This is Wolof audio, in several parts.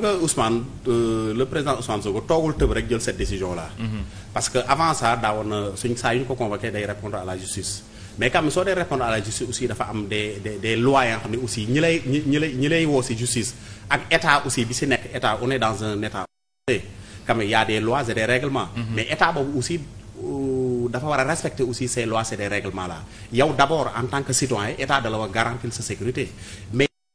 nga Ousmane euh, le président Ousmane Sonko toogul tëb rek jël cette décision là. Mhm. parce que avant ça daawoon na suñ saa yu ñu ko convoqué day répondre à la justice. mais quand soo dee répondre à la justice aussi dafa am des des des si justice ak a des lois mhm. mais état boobu aussi. Euh, dafa war a respecter aussi ces lois et ces règlements là yow d'abord en tant que citoyen état da la war sa sécurité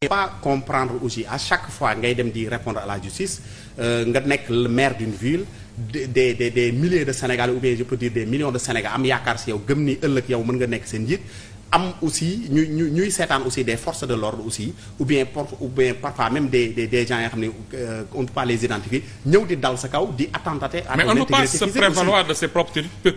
pas comprendre aussi à chaque fois ngay dem di répondre à la justice euh, nga nekk le maire d'une ville des des des milliers de Sénégalais ou bien je peux dire des millions de Sénégalais am yaakaar si yow gëm ni ëllëg yow mën nga nekk seen njiit am aussi ñu ñu ñuy seetaan aussi des forces de l'ordre aussi ou bien por ou bien parfois même des des des gens yoo xam ne euh, on ne peut pas les identifier ñëw di dal sa kaw di attentater à mais on ne peut pas se prévaloir de ses propres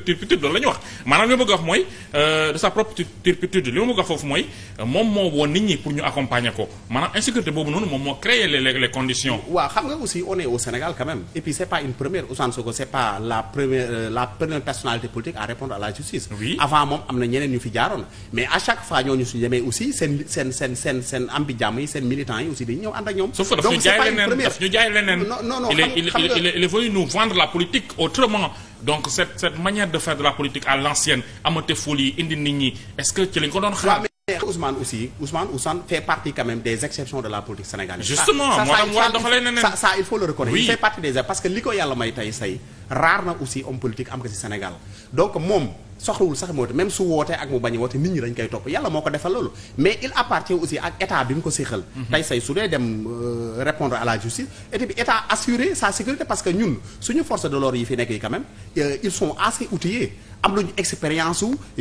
turpitudes loolu la ñu wax maanaam li ma bëgg a wax mooy euh, de sa propre turpitude li ma bëgg a wax foofu mooy euh, moom moo woon nit ñi pour ñu accompagner ko maanaam insécurité boobu noonu moom moo créer les les conditions waaw xam nga aussi on est au Sénégal quand même et puis c'est pas une première Ousmane Sonko c'est pas la première la première personnalité politique à répondre à la justice avant moom am na ñeneen ñu fi jaaroon mais à chaque fois ñooñu suñu demee aussi seen seen seen seen seen am bi yi seen militants yi aussi dañuy ñëw ànd ak ñoom. donc c'est pas ñu jaay leneen il xam nga vendre la politique autrement. donc cette cette manière de faire de la politique à l'ancienne amateeful yi indi nit ñi est ci lañ ko doon xaar. mais Ousmane aussi fait partie quand des exceptions de la politique sénégalaise. justement moo tax war a il faut le reconnaître. parce que li ko yàlla may soxlawul sax moo même su wootee ak mu bañ a nit ñi dañ koy topp yàlla moo ko defal loolu mais il appartient aussi ak état bi mu ko séexal mhm. tey say su dee dem euh, répondre à la parce que ñun suñu force de l'ordre yi fi nekk yi quand même euh, ils sont assez outillés am nañu expérience mhm.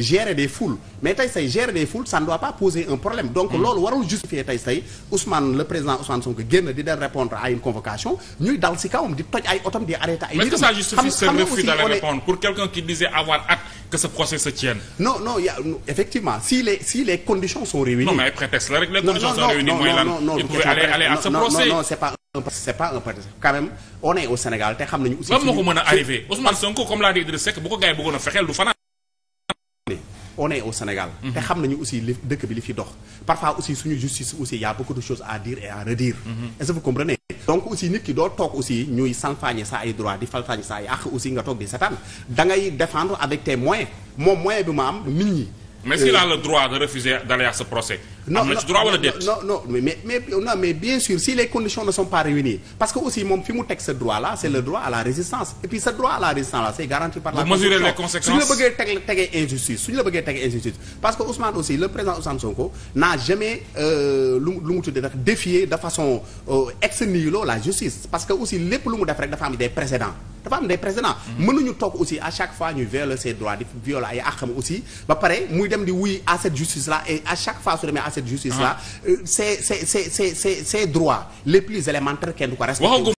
justifier tey say Ousmane le président Ousmane Sonko génn di dem répondre à une convocation ñuy dal si kawam di toj ay otom di arrêter ay. mais est-ce que ça justifie ce refus répondre pour quelqu'un qui disait avoir acte que ce procès se tienne. non non y' a effectivement si les si les conditions sont réunies. non mais ay prétexte la rek les conditions sont réunies mooy lan non non non c'est pas un c'est pas un prétexte quand même au Sénégal te xam nañu. aussi lan moo ko mën a arrivé Ousmane Sonko comme l'a dit Idriss Seck bu ko gars yi fexeel du fanaan. on est au Sénégal. Mhm. te xam nañu aussi li dëkk bi li fi dox. parfois aussi suñu justice aussi y a beaucoup de à dire et à redire. Mhm. est-ce que donc aussi nit ki doo toog aussi ñuy salfaañe sa ay droit di salfaañe sa ay àq aussi nga toog di setaan da ngay défendre avec moom moyen bi ma am nit ñi. mais s'il a euh, droit de refuser d'aller à procès. non am na ci droit wala déet non non mais mais non bien sûr si les conditions ne sont pas réunies parce que aussi moom fi mu teg sa droit là c' le droit à la résistance et puis sa droit à la résistance la. su ñu la bëggee teg injustice su ñu la bëggee tegee injustice parce que aussi le euh, lu mu de façon euh, ex nihilo la justice parce que def rek dafa am des précédents. dafa am des précédents mm-hmm. mënuñu toog aussi à chaque fois ñu violer ses di violer ay àqam aussi ba pare muy dem di wuy à cette justice là et à chaque fois su cette justice là. Ah. Euh, ces ces ces ces ces droits les plus élémentaires kenn du ko respecté.